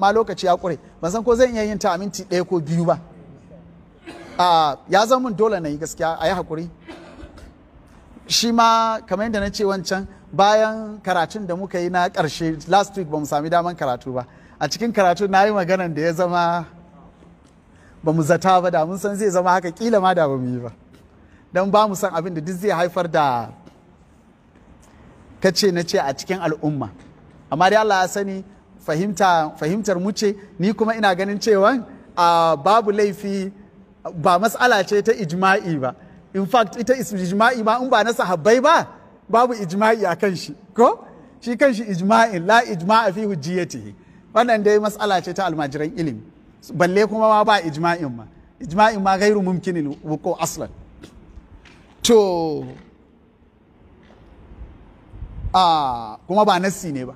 ma lokaci ya ƙure ban san ko zan iya yin ta a minti ɗaya ko biyu ba ya zama mun dole na yi gaskiya a yi haƙuri shi ma kamar yadda na ce wancan bayan karatun da muka yi na ƙarshe last week ba mu sami daman karatu ba a cikin karatu na yi maganan da ya zama ba mu zata ba da mun san zai zama haka kila ma da ba mu yi ba don ba mu san abin da duk zai haifar da kace na ce a cikin al'umma amma dai Allah ya sani fahimta fahimtar mu ce ni kuma ina ganin cewa babu laifi ba matsala ce ta ijma'i ba in fact ita ijma'i ma in ba na sahabbai ba babu ijma'i a kan shi ko shi kan shi ijma'i la ijma'a fi hujjiyatihi wannan dai matsala ce ta almajiran ilimi balle kuma ma ba ijma'in ma ijma'in ma gairu mumkinin wuko aslan to a kuma ba nassi ne ba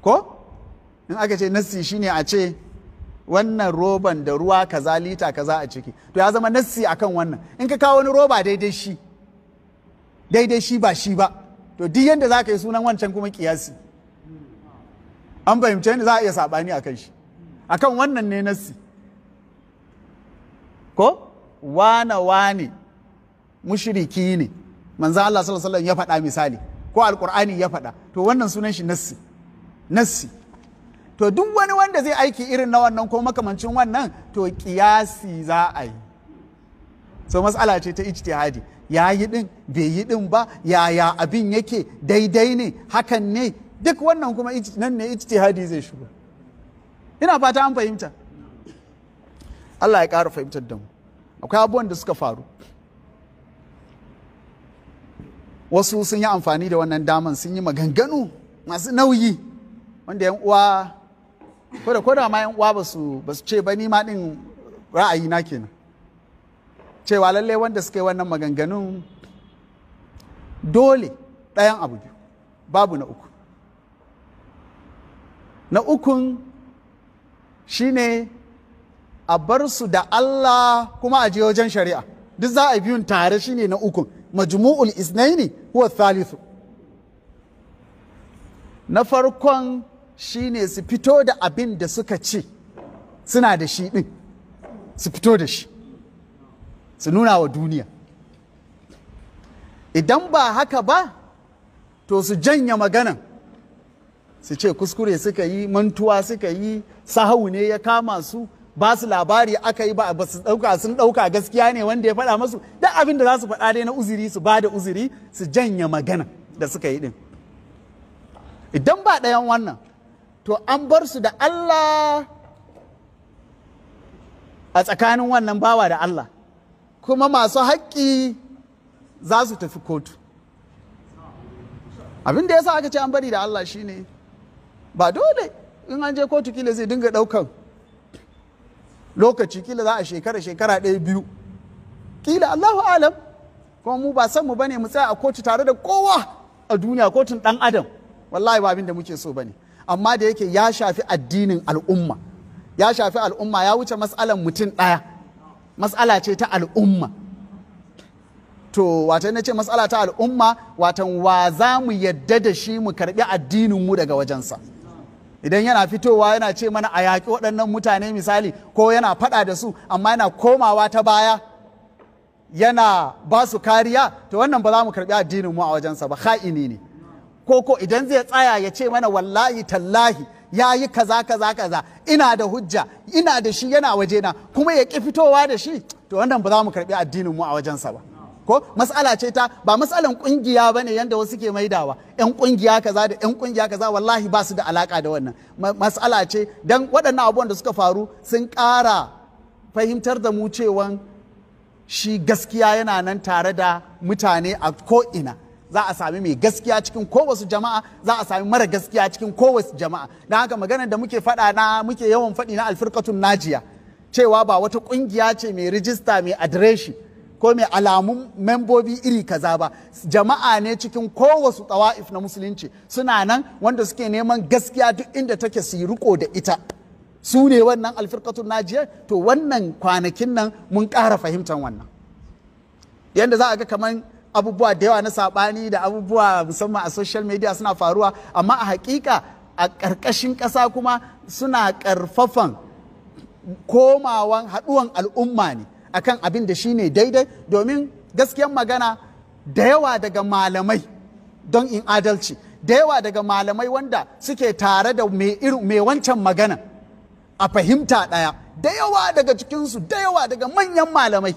ko in aka ce nassi shine a ce wannan roban da ruwa kaza lita kaza a ciki to ya zama nassi akan wannan in ka kawo wani roba daidai shi daidai shi ba shi ba to duk yadda za ka yi sunan wancan kuma kiyasi an fahimci yadda za a iya saɓani a kan shi akan wannan ne nassi ko wane wane mushiriki ne manzan Allah sallallahu ya faɗa misali ko alƙur'ani ya faɗa to wannan sunan shi nassi nassi to duk wani wanda zai aiki irin na wannan ko makamancin wannan to kiyasi za a yi so matsala ce ta ijtihadi ya yi din bai yi din ba yaya abin yake daidai ne hakan ne duk wannan kuma nan ne ijtihadi zai shiga ina fata an fahimta Allah ya ƙara fahimtar da mu akwai abubuwan da suka faru wasu sun yi amfani da wannan daman sun yi maganganu masu nauyi wanda yan uwa ko da ko ma yan uwa ba su ce ba ni ma din ra'ayi na kenan cewa lallai wanda suke wannan maganganun dole ɗayan abu biyu babu na uku na ukun shine a bar su da Allah kuma a je wajen shari'a duk za a biyun tare shine na ukun majmu'ul isnaini huwa thalithu na farkon Shi ne su fito da abin da suka ce suna da shi ɗin su fito da shi su nuna wa duniya idan ba haka ba to su janya maganan su ce kuskure suka yi mantuwa suka yi sahau ne ya kama su ba su labari aka yi ba basu ɗauka sun ɗauka gaskiya ne wanda ya faɗa masu duk abin da za su faɗa dai na uziri su ba da uziri su janya magana da suka yi ɗin idan ba ɗayan wannan to an bar su da Allah a tsakanin wannan bawa da Allah kuma masu haƙƙi za su tafi kotu abin da ya sa aka ce an bari da Allah shine ba dole in an je kotu kila zai dinga ɗaukan lokaci kila za a shekara shekara ɗaya biyu kila Allahu alam kuma mu ba san mu bane mu tsaya a kotu tare da kowa a duniya kotun ɗan adam wallahi ba abin da muke so bane amma da yake ya shafi addinin al'umma ya shafi al'umma ya wuce matsalan mutum ɗaya matsala ce ta al'umma to wata na ce matsala ta al'umma watan wa za mu yadda da shi mu karbi addininmu daga wajensa idan yana fitowa yana ce mana a yaƙi waɗannan mutane misali ko yana faɗa da su amma yana komawa ta baya yana ba su kariya to wannan ba za mu karbi addininmu a wajensa ba ha'ini ne koko idan zai tsaya ya ce mana wallahi tallahi ya yi kaza kaza kaza ina da hujja ina da shi yana wajena kuma ya ƙi fitowa da shi to wannan ba za mu karɓi addinin mu a wajensa ba ko mas'ala ce ta ba mas'alan ƙungiya ba ne yadda wasu ke maidawa yan ƙungiya kaza da yan ƙungiya kaza wallahi ba su da alaka da wannan mas'ala ce dan waɗannan abubuwan da suka faru sun ƙara fahimtar da mu cewan shi gaskiya yana nan tare da mutane a ko'ina za a sami mai gaskiya cikin kowace jama'a za a sami mara gaskiya cikin kowace jama'a don haka maganar da muke faɗa na muke yawan faɗi na alfirkatun najiya cewa ba wata ƙungiya ce mai rijista mai adireshi ko mai alamun membobi iri kaza ba jama'a ne cikin kowace tsawa'if na musulunci suna nan wanda suke neman gaskiya duk inda take su yi riko da ita su ne wannan alfirkatun najiya to wannan kwanakin nan mun ƙara fahimtar wannan yadda za a ga kamar abubuwa da yawa na saɓani da abubuwa musamman a social media suna faruwa amma a hakika a ƙarƙashin ƙasa kuma suna ƙarfafan komawan haɗuwan al'umma ne akan abin da shine daidai domin gaskiyan magana da yawa daga malamai don in adalci da yawa daga malamai wanda suke tare da mai wancan magana a fahimta ɗaya da yawa daga cikinsu da yawa daga manyan malamai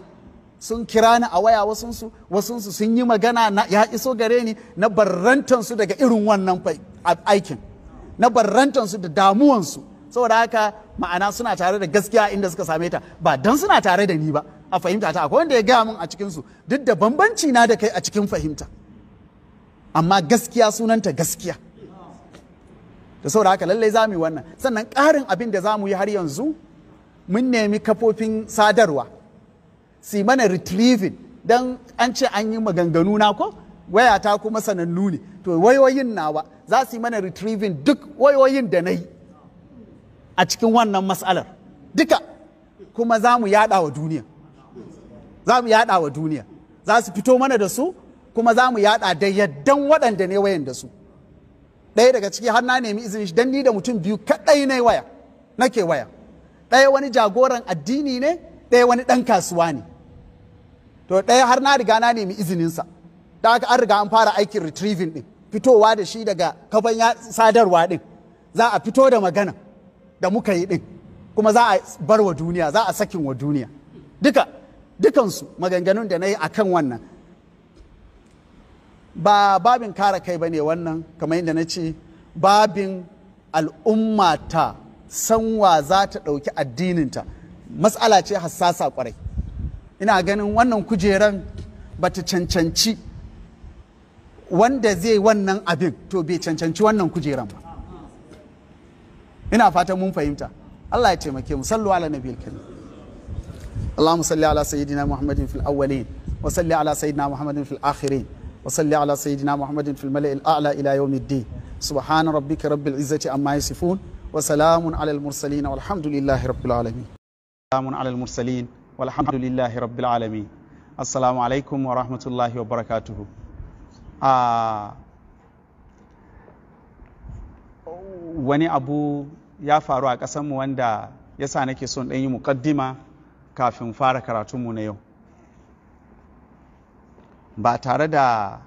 sun kira ni a waya wasunsu wasunsu sun yi magana na ya iso gare ni na barantansu daga irin wannan aikin na barantansu da damuwansu saboda haka ma'ana suna tare da gaskiya inda suka same ta ba dan suna tare da ni ba a fahimta ta akwai wanda ya gaya min a cikinsu duk da bambanci na da kai a cikin fahimta amma gaskiya sunanta gaskiya da saboda haka lallai za mu yi wannan sannan ƙarin abin da za mu yi har yanzu mun nemi kafofin sadarwa su mana retrieving don an ce an yi maganganu na ko wayata kuma sanannu ne to wayoyin nawa za su yi mana retrieving duk wayoyin da na yi a cikin wannan matsalar duka kuma za mu yada wa duniya za mu yada wa duniya za su fito mana da su kuma za mu yada da yaddan waɗanda ne wayan da su ɗaya daga ciki har na nemi izini don ni da mutum biyu kaɗai na waya nake waya ɗaya wani jagoran addini ne ɗaya wani ɗan kasuwa ne to ɗaya har na riga na nemi izininsa da aka an riga an fara aikin retrieving ɗin fitowa da shi daga kafan sadarwa ɗin za a fito da magana da muka yi ɗin kuma za a bar wa duniya za a sakin wa duniya duka dukansu maganganun da na yi a wannan ba babin kara kai ba ne wannan kamar yadda na ce babin al'umma ta sanwa za ta ɗauki addininta matsala ce hassasa kwarai ina ganin wannan kujeran ba ta cancanci wanda zai wannan abin to bai cancanci wannan kujeran ba ina fatan mun fahimta Allah ya taimake mu sallu ala nabiyil karim اللهم صل على سيدنا محمد في الأولين وصل على سيدنا محمد في الآخرين وصل على سيدنا محمد في الملأ الأعلى إلى يوم الدين سبحان ربك رب العزة عما يصفون وسلام على المرسلين والحمد لله رب العالمين سلام على المرسلين walhamdulillahi rabbil alami assalamu alaikum wa rahmatullahi wa barakatuhu ah, wani abu ya faru a ƙasanmu wanda ya sa nake son ɗan yi muƙaddima kafin fara karatunmu na yau ba tare da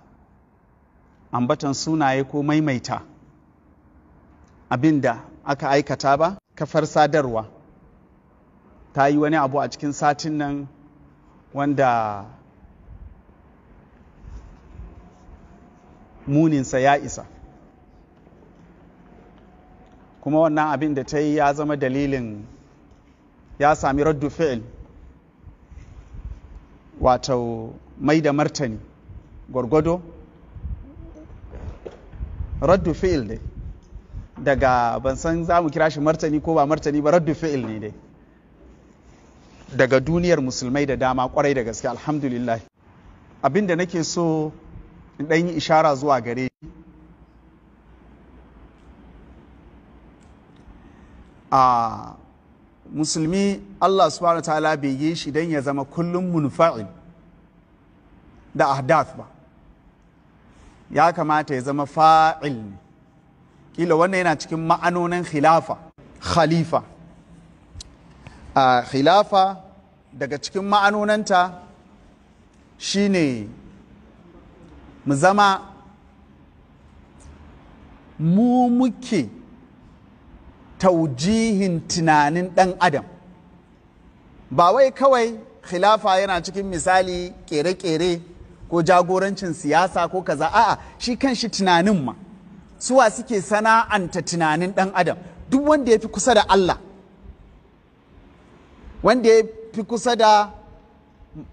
ambatan sunaye ko maimaita abinda aka aikata ba kafar sadarwa ta yi wani abu a cikin satin nan wanda muninsa ya isa kuma wannan abin da ta yi ya zama dalilin ya sami raddu fi'il wato mai da martani gwargwado raddu fi'il ne daga ban san za mu kira shi martani ko ba martani ba raddu fi'il ne dai daga duniyar musulmai da dama kwarai da gaske alhamdulillah abin da nake so in ɗan yi ishara zuwa gare a musulmi Allah subhanahu ta'ala bai yi shi don ya zama kullum munfa'il da ahdath ba ya kamata ya zama fa'il ne kila wannan yana cikin ma'anonin khilafa khalifa a khilafa daga cikin ma'anonanta shine mu zama mu muke taujihin tunanin ɗan adam ba wai kawai khilafa yana cikin misali kere-kere ko jagorancin siyasa ko kaza a'a shi kan shi tunanin ma suwa suke sana'anta tunanin ɗan adam duk wanda ya fi kusa da Allah wanda ya fi kusa da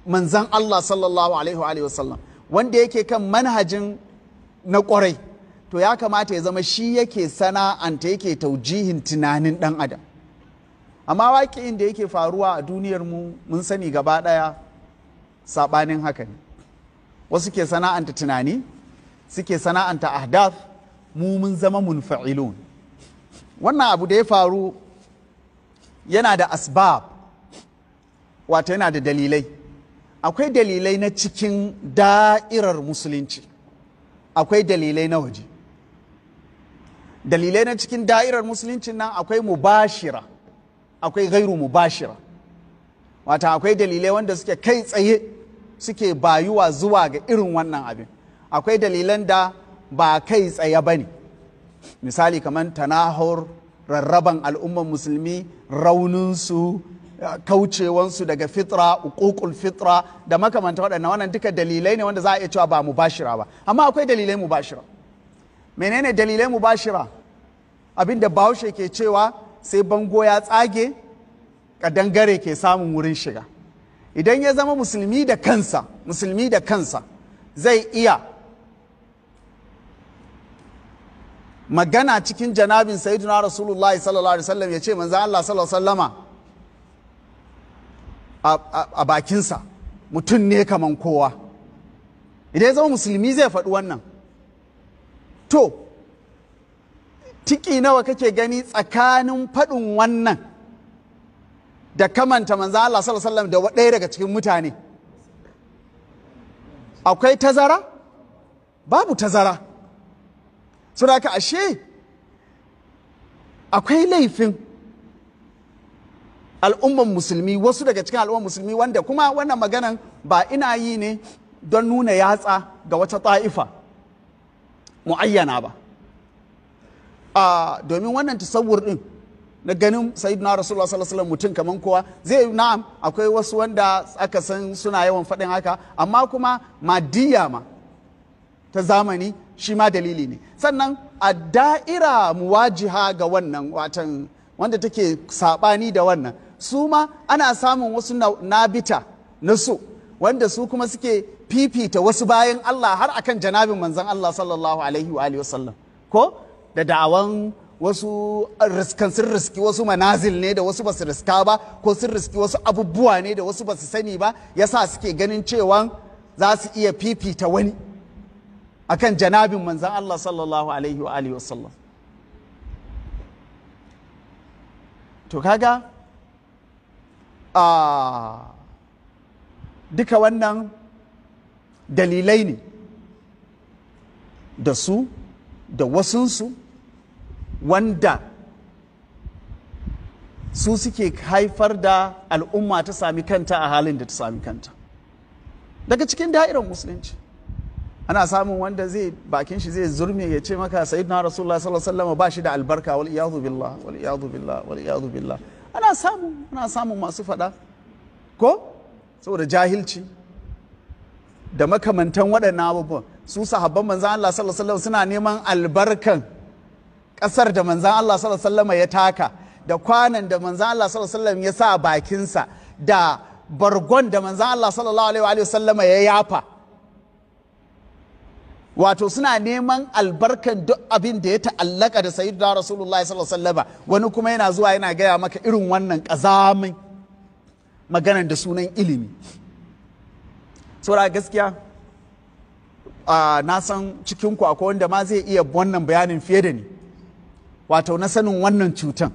manzan Allah sallallahu alaihi wa sallam wanda yake kan manhajin na kwarai to ya kamata ya zama shi yake sana'anta yake taujihin tunanin ɗan adam amma waƙi'in da yake faruwa a duniyarmu mu mun sani gaba ɗaya saɓanin haka ne wasu ke sana'anta tunani suke sana'anta ahdaf mu mun zama mun fa'ilun wannan abu da ya faru yana da asbab wato yana da dalilai akwai dalilai na cikin da'irar musulunci akwai dalilai na waje dalilai na cikin da'irar musulunci nan akwai mubashira akwai gairu mubashira wata akwai dalilai wanda suke kai tsaye suke bayuwa zuwa ga irin wannan abin akwai dalilan da ba kai tsaye ba ne misali kamar tanahor rarraban al'ummar musulmi rauninsu kaucewansu daga fitra ukukul fitra da makamanta waɗannan wannan duka dalilai ne wanda za a iya cewa ba mu bashira ba amma akwai dalilai mu bashira. menene dalilai mu bashira abin da bahaushe ke cewa sai bango ya tsage kadangare ke samun wurin shiga idan ya zama musulmi da kansa musulmi da kansa zai iya magana cikin janabin sayyidina rasulullahi sallallahu alaihi wasallam ya ce manzo Allah sallallahu alaihi a bakinsa mutum ne kaman kowa idan ya zama musulmi zai faɗi wannan to tiki nawa kake gani tsakanin faɗin wannan da kamanta manzo Allah sallallahu alaihi wasallam da ɗaya daga cikin mutane akwai tazara babu tazara saboda ashe akwai laifin al'umman musulmi wasu daga cikin al'umman musulmi wanda kuma wannan maganan ba ina yi ne don nuna yatsa ga wata ta'ifa mu'ayyana ba domin wannan tasawur din na ganin sayyidina rasulullah sallallahu alaihi mutum kaman kowa zai na'am akwai wasu wanda aka san suna yawan faɗin haka amma kuma madiya ma ta zamani shi ma dalili ne sannan a da'ira muwajiha ga wannan watan wanda take saɓani da wannan su ma ana samun wasu nabita na su wanda su kuma suke fifita wasu bayan Allah har akan janabin manzon Allah sallallahu alaihi wa alihi wasallam ko da da'awan wasu riskan sun riski wasu manazil ne da wasu basu riska ba ko sun riski wasu abubuwa ne da wasu basu sani ba yasa suke ganin cewa za su iya fifita wani akan janabin manzon Allah sallallahu alaihi wa alihi wasallam to kaga duka wannan dalilai ne da su da wasunsu wanda su suke haifar da al'umma ta sami kanta a halin da ta sami kanta daga cikin da'irar musulunci ana samun wanda zai bakin shi zai zurme ya ce maka sayyidina rasulullah sallallahu alaihi wasallam ba shi da albarka wal iyadu billah wal iyadu billah wal iyadu billah ana samu ana samun masu faɗa ko saboda jahilci da makamantan waɗannan abubuwan su sahabban manzan Allah sallallahu alaihi wasallam suna neman albarkan ƙasar da manzan Allah sallallahu alaihi wasallam ya taka da kwanan da manzan Allah sallallahu alaihi wasallam ya sa bakinsa da bargon da manzan Allah sallallahu alaihi wasallam ya yafa wato suna neman albarkan duk abin da ya ta'allaka da da rasulullah sallallahu wani kuma yana zuwa yana gaya maka irin wannan ƙazamin maganar da sunan ilimi saboda gaskiya na san cikin ku akwai wanda ma zai iya wannan bayanin fiye da ni wato na sanin wannan cutan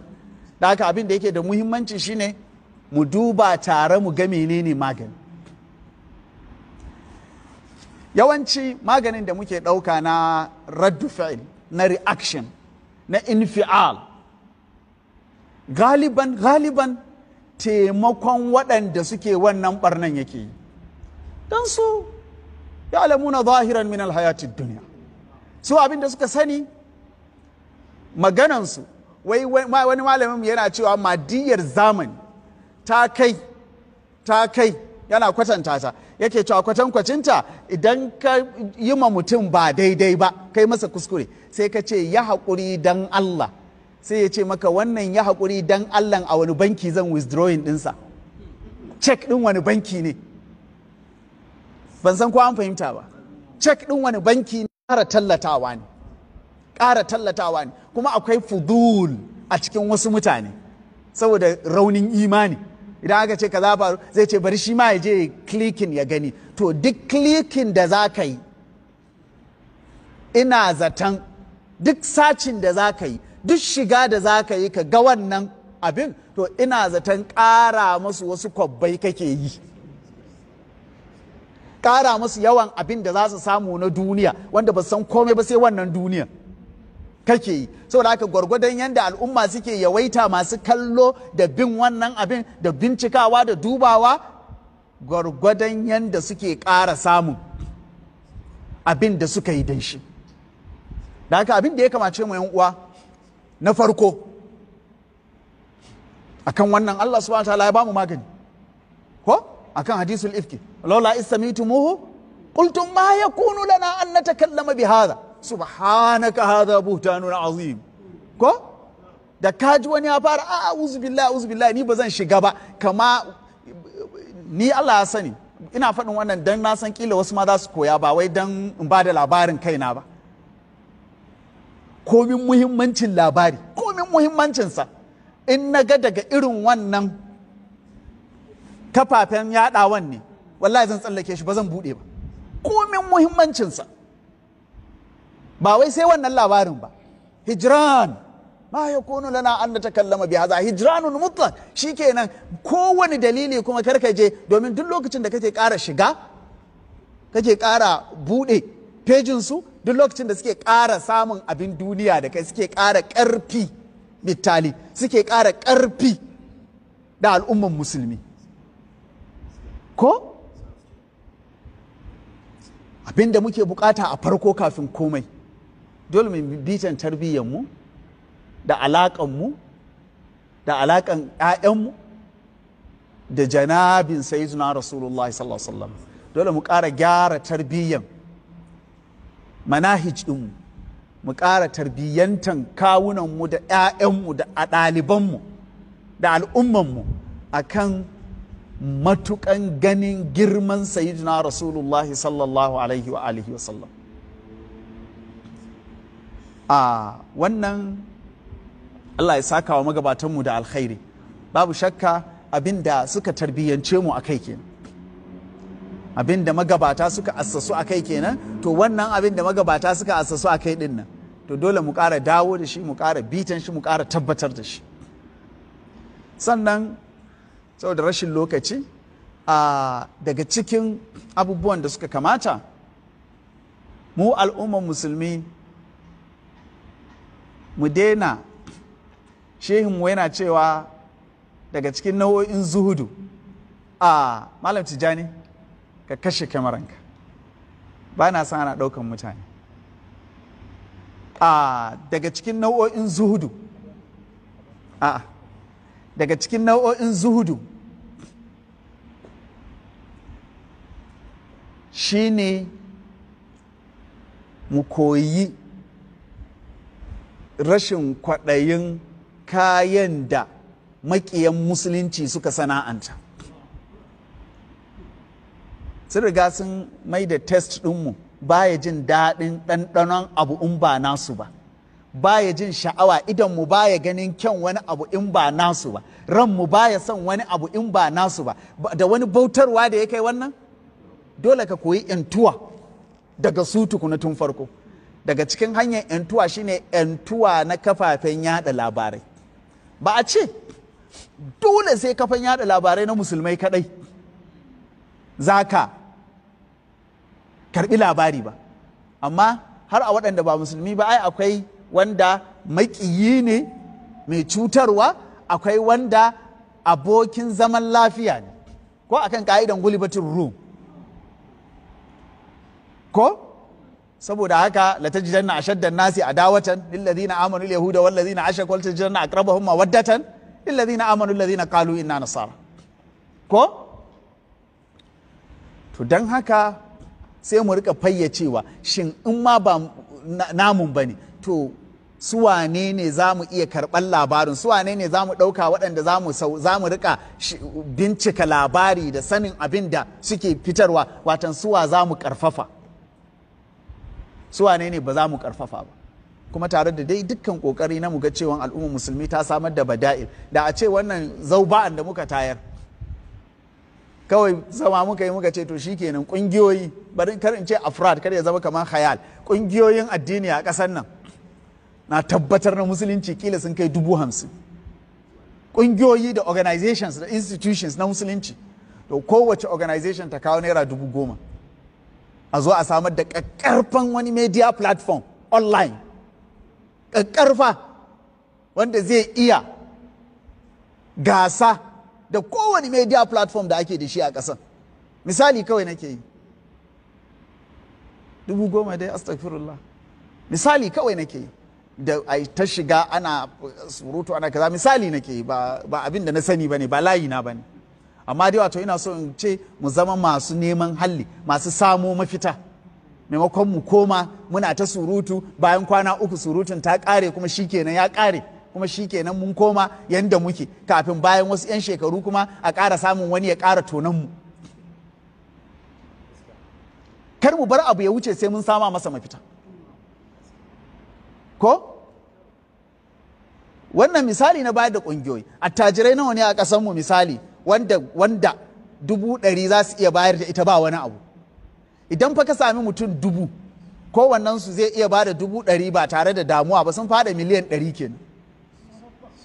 da haka abin da yake da muhimmanci shine mu duba tare mu ga menene magani yawanci maganin da muke ɗauka na raddu fi'il na reaction na infial galiban galiban taimakon waɗanda suke wannan ɓarnan yake yi don su ya alamuna zahiran min alhayatid duniya su abinda suka sani maganansu wai wani malamin yana cewa madiyar zamani ta kai ta kai yana kwatanta ta yake cewa kwacen kwacinta idan ka yi ma mutum ba daidai ba kai masa kuskure sai ka ce ya haƙuri dan Allah sai ya ce maka wannan ya haƙuri dan Allah a wani banki zan withdrawing ɗinsa cek ɗin wani banki ne ban san ko an fahimta ba cek ɗin wani banki ne ƙara tallatawa ne ƙara tallatawa ne kuma akwai fudul a cikin wasu mutane saboda raunin imani idan aka ce za faru zai ce bari shi ma ya je klikin ya gani to duk klikin da za ka yi ina zaton duk sacin da za ka yi duk shiga da za ka yi ka ga wannan abin to ina zaton ƙara masu wasu kwabbai kake yi ƙara masu yawan abin da za su samu na duniya wanda ba san komai ba sai wannan duniyan. kake yi saboda haka gwargwadon yadda al'umma suke yawaita masu kallo da bin wannan abin da bincikawa da dubawa gwargwadon yadda suke ƙara samun abin da suka yi don shi da haka abin da ya kamace mu uwa na farko akan wannan Allah subhanahu ta'ala ya bamu magani ko akan hadisul ifki laula muhu qultum ma yakunu lana an natakallama bi hadha subhanaka hadha buhtanun azim ko da kaji wani ya fara a uzu billah uzu billah ni ba zan shiga ba kama ni Allah ya sani ina faɗin wannan dan na san kila wasu ma za su koya ba wai dan in ba da labarin kaina ba komin muhimmancin labari komin muhimmancinsa in na ga daga irin wannan kafafen yaɗawan ne wallahi zan tsallake shi ba zan buɗe ba komin muhimmancinsa ba wai sai wannan labarin ba hijran ma kono lana an kallama bi shi hijranun mutlaq shikenan kowane dalili kuma kar je domin duk lokacin da kake ƙara shiga kake ƙara bude pejin su duk lokacin da suke ƙara samun abin duniya da kai suke ƙara ƙarfi mitali suke ƙara ƙarfi da al'umman musulmi ko abin da muke bukata a farko kafin komai dole mu bitan mu, da alaƙanmu da alaƙan 'ya'yanmu da janabin sayyidina rasulullahi sallallahu alaihi wasallam dole mu ƙara gyara tarbiyyan manahij ɗinmu mu ƙara tarbiyyantan kawunanmu da 'ya'yanmu da ɗalibanmu da al'ummanmu a kan matuƙan ganin girman sayyidina rasulullahi sallallahu alaihi wa alihi wasallam a wannan Allah ya saka wa magabatanmu da alkhairi babu shakka abin da suka tarbiyyance mu a kai kenan abin da magabata suka assasu a kai kenan to wannan abin da magabata suka assasu a kai din to dole mu ƙara dawo da shi mu ƙara bitan shi mu ƙara tabbatar da shi sannan saboda rashin lokaci a daga cikin abubuwan da suka kamata mu al'ummar musulmi mu daina shehinmu yana cewa daga cikin nau'o'in zuhudu a malam tijani ka kashe kyamaranka ba na son ana ɗaukan mutane a daga cikin nau'o'in zuhudu a daga cikin nau'o'in zuhudu ne mu koyi rashin kwaɗayin kayan da maƙiyan musulunci suka sana'anta sun riga sun mai da test ɗinmu ya jin daɗin ɗanɗanon abu in ba nasu ba Ba ya jin sha'awa idan mu ba ya ganin kyan wani abu in ba nasu ba Ran mu ba ya son wani abu in ba nasu ba da wani bautarwa da ya kai wannan dole ka koyi intuwa daga su tukuna tun farko daga cikin hanyar ‘yantuwa shine ‘yantuwa na kafafen yada labarai ba a ce dole sai kafan yada labarai na musulmai kadai za ka karbi labari ba amma har a waɗanda ba musulmi ba ai akwai wanda maƙiyi ne mai cutarwa akwai wanda abokin zaman lafiya ne ko akan ka'idan gulibatin rum ko saboda haka latajidanna ashaddan nasi adawatan lilladhina amanu alyahuda walladhina ashraku latajidanna aqrabahum mawaddatan lilladhina amanu alladhina qalu inna nasara ko to dan haka sai mu rika fayyacewa shin in ma ba namun bane to su wane ne za mu iya karɓar labarin su wane ne za mu ɗauka waɗanda za mu rika bincika labari da sanin abin da suke fitarwa watan suwa za mu ƙarfafa su wane ne ba za mu karfafa ba kuma tare da dai dukkan kokari na muga cewa al'umma musulmi ta samar da bada'il da a ce wannan zauba'an da muka tayar kawai zama muka yi muka ce to shi kenan kungiyoyi bari kar in ce afrad kar ya zama kamar hayal. kungiyoyin addini a kasar nan na tabbatar na musulunci kila sun kai dubu hamsin kungiyoyi da organizations da institutions na musulunci to kowace organization ta kawo naira dubu goma a zo a samar da ƙaƙƙarfan wani media platform online ƙaƙƙarfa wanda zai iya gasa da kowane media platform da ake da shi a ƙasa misali kawai nake yi dubu goma dai astagfirullah misali kawai nake yi da ai ta shiga ana surutu ana kaza misali nake yi ba abin da na sani ba ne, ba layi na ne. amma dai wato ina so in ce mu zama masu neman halli masu samo mafita maimakon mu koma muna ta surutu bayan kwana uku surutun ta ƙare kuma shikenan ya ƙare kuma shikenan mun koma yanda muke kafin bayan wasu 'yan shekaru kuma a ƙara samun wani ya ƙara tonan mu kar mu bar abu ya wuce sai mun sama masa mafita ko wannan misali na bayar da ƙungiyoyi attajirai nawa ne a ƙasar misali wanda wanda dubu ɗari za su iya bayar da ita ba wani abu idan fa ka sami mutum dubu kowannen su zai iya bada dubu ɗari ba tare da damuwa ba sun fada miliyan ɗari kenan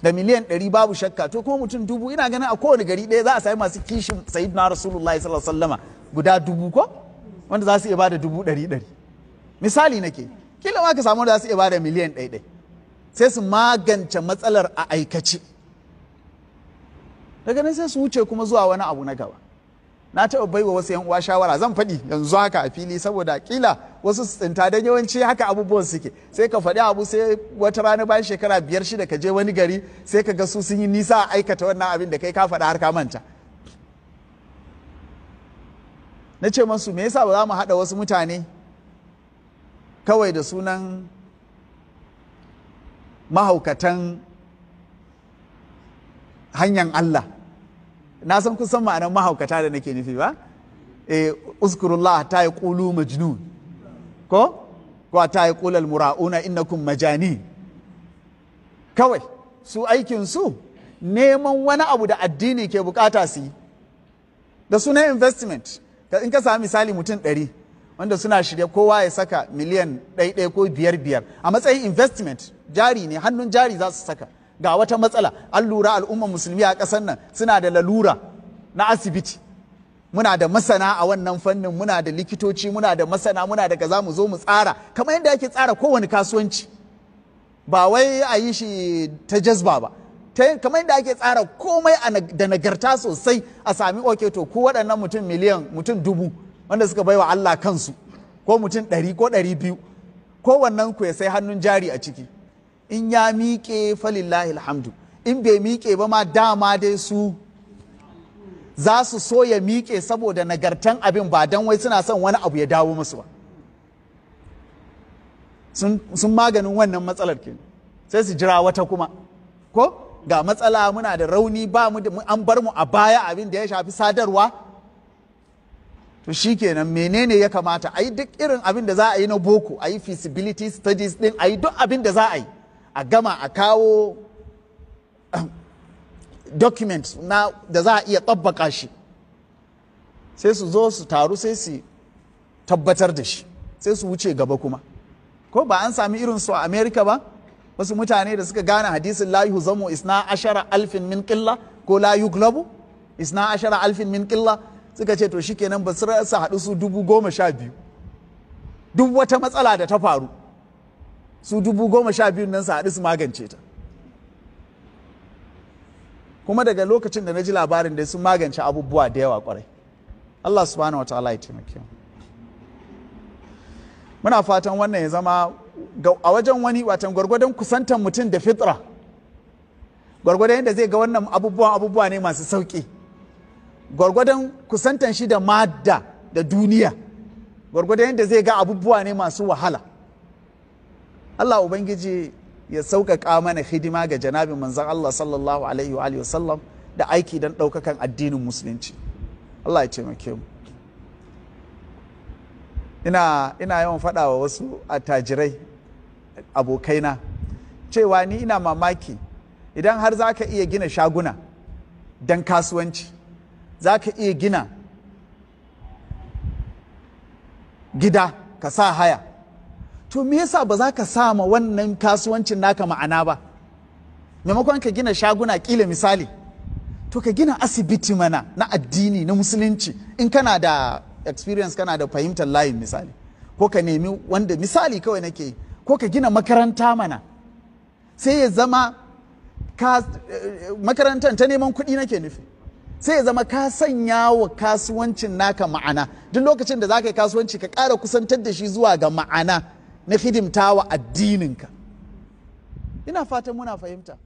da miliyan ɗari babu shakka to kuma mutum dubu ina ganin a kowane gari ɗaya za a sami masu kishin sayyidina rasulullahi sallallahu alaihi wasallama guda dubu ko wanda za su iya bada dubu ɗari ɗari misali nake kila ma ka samu da za su iya bada miliyan ɗai ɗai sai su magance matsalar a aikace daga nan sai su wuce kuma zuwa wani abu na gaba na taɓa baiwa wasu yan uwa shawara zan faɗi yanzu haka a fili saboda kila wasu tsinta don yawanci haka abubuwan suke sai ka faɗi abu sai wata rana bayan shekara biyar shida ka je wani gari sai ka ga su sun yi nisa a aikata wannan abin da kai ka faɗa har ka manta na ce masu me yasa ba za mu haɗa wasu mutane kawai da sunan mahaukatan hanyar Allah na san kusan ma'anar mahaukata da nake nufi ba e eh, uskurullah ta yi ƙulu majnun ko ko ta yi ƙulal mura'una innakum majani kawai su aikin su neman wani abu da addini ke bukata su yi da suna investment in ka sami misali mutum ɗari wanda suna shirya kowa ya saka miliyan ɗaiɗai ko biyar biyar a matsayin investment jari ne hannun jari za su saka ga wata matsala an lura al'ummar musulmi a ƙasar nan suna da lalura na asibiti muna da masana a wannan fannin muna da likitoci muna da masana muna da ga zamu zo mu tsara kamar yadda ake tsara kowane kasuwanci ba wai a yi shi ta jazba ba kamar yadda ake tsara komai da nagarta sosai a sami oke to ko waɗannan mutum miliyan mutum dubu wanda suka baiwa Allah kansu ko mutum ɗari ko ɗari biyu ko wannan ku ya sai hannun jari a ciki in ya miƙe falillahi alhamdu in bai miƙe ba ma dama dai su za su so ya miƙe saboda nagartan abin ba don wai suna son wani abu ya dawo musu ba sun maganin wannan matsalar ke sai su jira wata kuma ko ga matsala muna da rauni ba mu da an bar mu a baya abin da ya shafi sadarwa to shi kenan menene ya kamata a yi duk irin abin da za a yi na boko a yi feasibility studies din a yi duk abin da za a yi a gama a kawo um, document na da za a iya tsabbaka shi sai su zo su taru sai su tabbatar da shi sai su wuce gaba kuma ko ba an sami irin su a america ba wasu mutane da suka gane hadisin la zamo isna ashara alfin min killa ko la globu isna ashara alfin min killa suka ce to shikenan ba su haɗu su dubu goma sha biyu duk wata matsala da ta faru su dubu goma sha biyun nan su haɗu su magance ta kuma daga lokacin da na ji labarin da sun magance abubuwa da yawa kwarai Allah subhanahu ya muna fatan wannan ya zama a wajen wani watan gwargwadon kusantar mutum da fitra gwargwadon yadda zai ga wannan abubuwan abubuwa ne masu sauƙi gwargwadon kusantar shi da madda da duniya gwargwadon yadda zai ga abubuwa ne masu wahala Allah ubangiji ya sauƙaƙa mana hidima ga janabi manzan Allah sallallahu alaihi wa sallam da aiki don ɗaukakan addinin musulunci Allah ya taimake mu ina ina yawan faɗa wa wasu attajirai abokaina cewa ni ina mamaki idan har za ka iya gina shaguna don kasuwanci za ka iya gina gida ka sa haya to me yasa ba za ka ma wannan kasuwancin naka ma'ana ba maimakon ka gina shaguna kila misali to ka gina asibiti mana na addini na musulunci in kana da experience kana da fahimtar layin misali ko ka nemi wanda misali kawai nake ko ka gina makaranta mana sai ya zama ka makarantar ta neman kuɗi nake nufi sai ya zama ka sanya wa kasuwancin naka ma'ana duk lokacin da za ka yi kasuwanci ka ƙara kusantar da shi zuwa ga ma'ana na hidimta wa addininka ina fatan muna fahimta